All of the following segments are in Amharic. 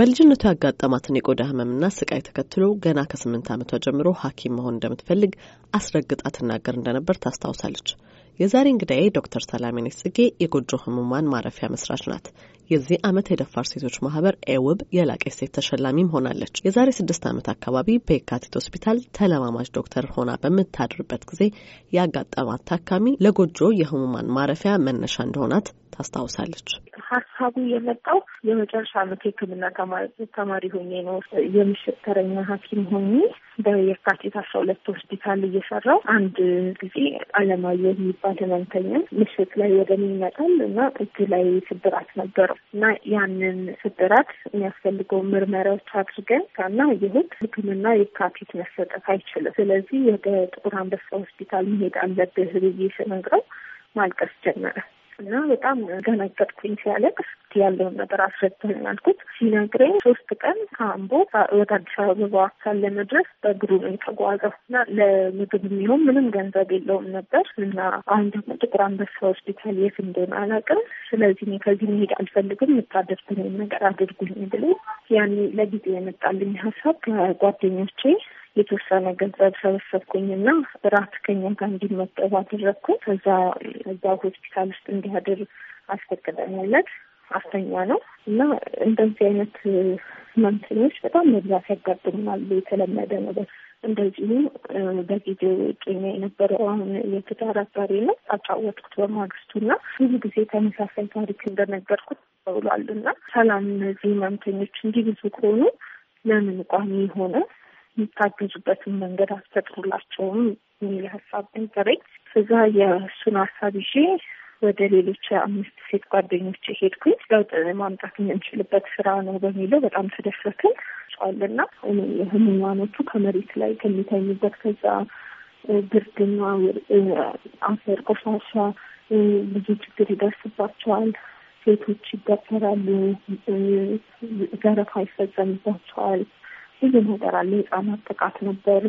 በልጅነቷ ያጋጠማትን የቆዳ ህመምና ስቃይ ተከትሎ ገና ከስምንት ዓመቷ ጀምሮ ሐኪም መሆን እንደምትፈልግ አስረግጣ ትናገር እንደነበር ታስታውሳለች። የዛሬ እንግዳዬ ዶክተር ሰላሜነሽ ጽጌ የጎጆ ህሙማን ማረፊያ መስራች ናት። የዚህ ዓመት የደፋር ሴቶች ማህበር ኤውብ የላቀ ሴት ተሸላሚም ሆናለች። የዛሬ ስድስት ዓመት አካባቢ በየካቲት ሆስፒታል ተለማማጅ ዶክተር ሆና በምታድርበት ጊዜ ያጋጠማት ታካሚ ለጎጆ የህሙማን ማረፊያ መነሻ እንደሆናት ታስታውሳለች። ሀሳቡ የመጣው የመጨረሻ ዓመት የሕክምና ተማሪ ሆኜ ነው። የምሽት ተረኛ ሐኪም ሆኜ በየካቲት አስራ ሁለት ሆስፒታል እየሰራው አንድ ጊዜ አለማየሁ የሚባል ህመምተኛ ምሽት ላይ ወደ እኔ ይመጣል እና እጅ ላይ ስብራት ነበረው እና ያንን ስብራት የሚያስፈልገው ምርመራዎች አድርገን ከና ይሁት ህክምና የካቲት መሰጠት አይችልም። ስለዚህ ወደ ጥቁር አንበሳ ሆስፒታል መሄድ አለብህ ብዬ ስነግረው ማልቀስ ጀመረ። እና በጣም ገነገጥኩኝ። ሲያለቅስ ያለውን ነገር አስረዳኝ አልኩት። ሲነግረኝ ሶስት ቀን ከአምቦ ወደ አዲስ አበባ ለመድረስ በእግሩ ነው የተጓዘው እና ለምግብ የሚሆን ምንም ገንዘብ የለውም ነበር እና አሁን ደግሞ ጥቁር አንበሳ ሆስፒታል የት እንደሆነ አላውቅም። ስለዚህ እኔ ከዚህ መሄድ አልፈልግም፣ የምታደርጉኝ ነገር አድርጉኝ ብሎ ያኔ ለጊዜ የመጣልኝ ሀሳብ ከጓደኞቼ የተወሰነ ገንዘብ ሰበሰብኩኝና ራት ከኛ ጋር እንዲመጠቡ አደረግኩ። ከዛ እዛ ሆስፒታል ውስጥ እንዲያድር አስፈቅደኛለት አስተኛ ነው እና እንደዚህ አይነት ህመምተኞች በጣም መብዛት ያጋጥሙናል። የተለመደ ነገር እንደዚሁ በጊዜው ቄኛ የነበረው አሁን የትዳር አጋሪ ነው አጫወትኩት በማግስቱ እና ብዙ ጊዜ ተመሳሳይ ታሪክ እንደነገርኩት ተውሏል እና ሰላም እነዚህ ህመምተኞች እንዲህ ብዙ ከሆኑ ለምን ቋሚ የሆነ የምታግዙበትን መንገድ አልፈጥሩላቸውም የሚል ሀሳብ ነበረኝ። ከዛ የእሱን ሀሳብ ይዤ ወደ ሌሎች አምስት ሴት ጓደኞች ሄድኩኝ። ለውጥ ማምጣት የምንችልበት ስራ ነው በሚለው በጣም ተደሰትን። ጫዋልና ህሙማኖቹ ከመሬት ላይ ከሚተኙበት ከዛ ብርድና አፈር ቆሻሻ ብዙ ችግር ይደርስባቸዋል። ሴቶች ይገፈራሉ፣ ዘረፋ ይፈጸምባቸዋል። ብዙ ነገር አለ። የህጻናት ጥቃት ነበር።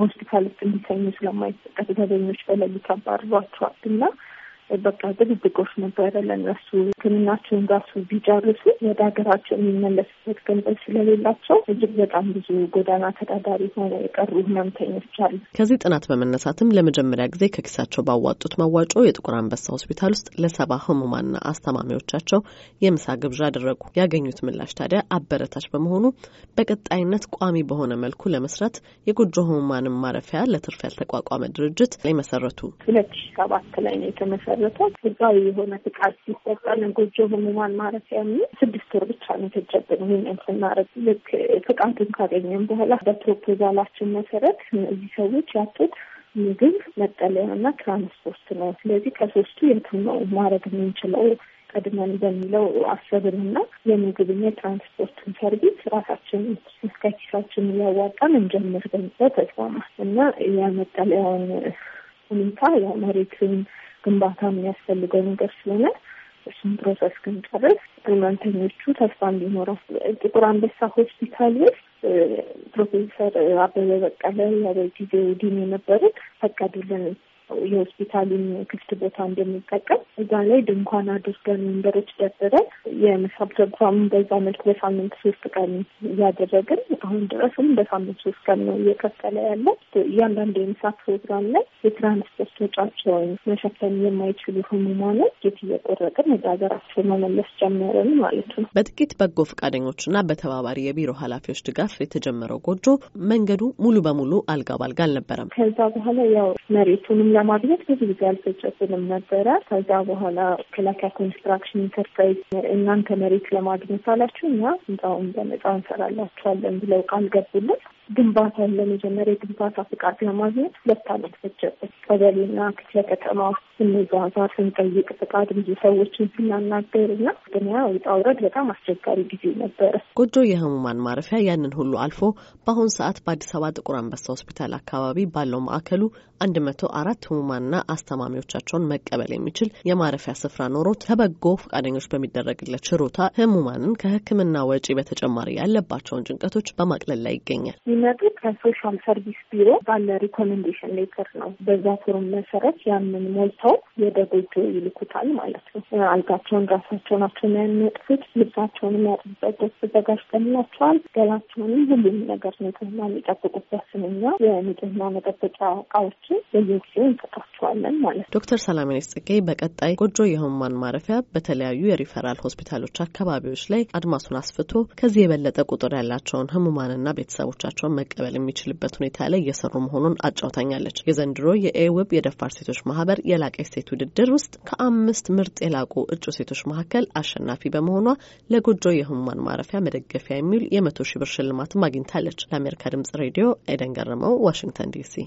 ሆስፒታል ውስጥ እንዲተኙ ስለማይፈቀድ ዘበኞች በሌሊት አባርሯቸዋል እና በቃ ድብብቆች ነበረ። ለነሱ ህክምናቸውን ራሱ ቢጨርሱ ወደ ሀገራቸው የሚመለስበት ገንዘብ ስለሌላቸው እጅግ በጣም ብዙ ጎዳና ተዳዳሪ ሆነ የቀሩ ህመምተኞች አሉ። ከዚህ ጥናት በመነሳትም ለመጀመሪያ ጊዜ ከኪሳቸው ባዋጡት መዋጮ የጥቁር አንበሳ ሆስፒታል ውስጥ ለሰባ ህሙማንና አስተማሚዎቻቸው የምሳ ግብዣ አደረጉ። ያገኙት ምላሽ ታዲያ አበረታች በመሆኑ በቀጣይነት ቋሚ በሆነ መልኩ ለመስራት የጎጆ ህሙማንም ማረፊያ ለትርፍ ያልተቋቋመ ድርጅት ላይ መሰረቱ። ሁለት ሺ ሰባት ላይ ነው የተመሰረ ተመሰረተ። ህጋዊ የሆነ ፍቃድ ሲሰጠን ጎጆ ህሙማን ማረፊያ የሚል ስድስት ወር ብቻ ነው የተጀብን ይህንን ስናረግ። ልክ ፍቃድን ካገኘን በኋላ በፕሮፖዛላችን መሰረት እነዚህ ሰዎች ያጡት ምግብ፣ መጠለያ መጠለያና ትራንስፖርት ነው። ስለዚህ ከሶስቱ የቱ ነው ማድረግ የምንችለው ቀድመን በሚለው አሰብን አሰብንና የምግብና የትራንስፖርትን ሰርቪስ ራሳችን እስከ ኪሳችን እያዋጣን እንጀምር በሚለው ተስማማ እና የመጠለያውን ሁኔታ ያው መሬትን ግንባታ የሚያስፈልገው ነገር ስለሆነ እሱም ፕሮሰስ ግን ጨርስ ህመምተኞቹ ተስፋ እንዲኖረው ጥቁር አንበሳ ሆስፒታል ውስጥ ፕሮፌሰር አበበ በቀለ ጊዜ ዲን የነበሩት ፈቀዱልን የሆስፒታሉን ክፍት ቦታ እንደሚጠቀም እዛ ላይ ድንኳን አድርገን ወንበሮች ደርድረን የምሳ ፕሮግራም በዛ መልክ በሳምንት ሶስት ቀን እያደረግን አሁን ድረስም በሳምንት ሶስት ቀን ነው እየከፈለ ያለ። እያንዳንዱ የምሳ ፕሮግራም ላይ የትራንስፖርት ወጪያቸውን መሸፈን የማይችሉ ህሙማኖች ጌት እየቆረጥን ወደ ሀገራቸው መመለስ ጀመረን ማለት ነው። በጥቂት በጎ ፈቃደኞችና በተባባሪ የቢሮ ኃላፊዎች ድጋፍ የተጀመረው ጎጆ መንገዱ ሙሉ በሙሉ አልጋ ባልጋ አልነበረም። ከዛ በኋላ ያው መሬቱንም ለማግኘት ብዙ ጊዜ አልፈጨብንም ነበረ። ከዛ በኋላ ከላኪያ ኮንስትራክሽን ኢንተርፕራይዝ እናንተ መሬት ለማግኘት አላችሁ እኛ ህንፃውን በነፃ እንሰራላችኋለን ብለው ቃል ገቡልን። ግንባታውን ለመጀመር የግንባታ ፍቃድ ለማግኘት ሁለት ዓመት ፈጀበት። ቀበሌና ክፍለ ከተማ ስንጓዛ ስንጠይቅ ፍቃድ ብዙ ሰዎችን ስናናገር እና ግንያ ውጣውረድ በጣም አስቸጋሪ ጊዜ ነበረ። ጎጆ የህሙማን ማረፊያ ያንን ሁሉ አልፎ በአሁን ሰዓት በአዲስ አበባ ጥቁር አንበሳ ሆስፒታል አካባቢ ባለው ማዕከሉ አንድ መቶ አራት ህሙማንና አስተማሚዎቻቸውን መቀበል የሚችል የማረፊያ ስፍራ ኖሮ ከበጎ ፈቃደኞች በሚደረግለት ችሮታ ህሙማንን ከህክምና ወጪ በተጨማሪ ያለባቸውን ጭንቀቶች በማቅለል ላይ ይገኛል። የሚመጡ ከሶሻል ሰርቪስ ቢሮ ባለ ሪኮሜንዴሽን ሌተር ነው። በዛ ፎርም መሰረት ያንን ሞልተው ወደ ጎጆ ይልኩታል ማለት ነው። አልጋቸውን ራሳቸው ናቸው የሚያነጥፉት። ልብሳቸውን የሚያጥቡበት ደስ ተዘጋጅተንላቸዋል። ገላቸውንም ሁሉም ነገር ንጽህና የሚጠብቁበት ስንኛ የንጽህና መጠበቂያ እቃዎችን በየጊዜው እንሰጣቸዋለን ማለት ነው። ዶክተር ሰላሜነሽ ጽጌ በቀጣይ ጎጆ የህሙማን ማረፊያ በተለያዩ የሪፈራል ሆስፒታሎች አካባቢዎች ላይ አድማሱን አስፍቶ ከዚህ የበለጠ ቁጥር ያላቸውን ህሙማንና ቤተሰቦቻቸው ራሱን መቀበል የሚችልበት ሁኔታ ላይ እየሰሩ መሆኑን አጫውታኛለች። የዘንድሮ የኤውብ የደፋር ሴቶች ማህበር የላቀች ሴት ውድድር ውስጥ ከአምስት ምርጥ የላቁ እጩ ሴቶች መካከል አሸናፊ በመሆኗ ለጎጆ የህሙማን ማረፊያ መደገፊያ የሚውል የመቶ ሺ ብር ሽልማትም አግኝታለች። ለአሜሪካ ድምጽ ሬዲዮ ኤደን ገረመው፣ ዋሽንግተን ዲሲ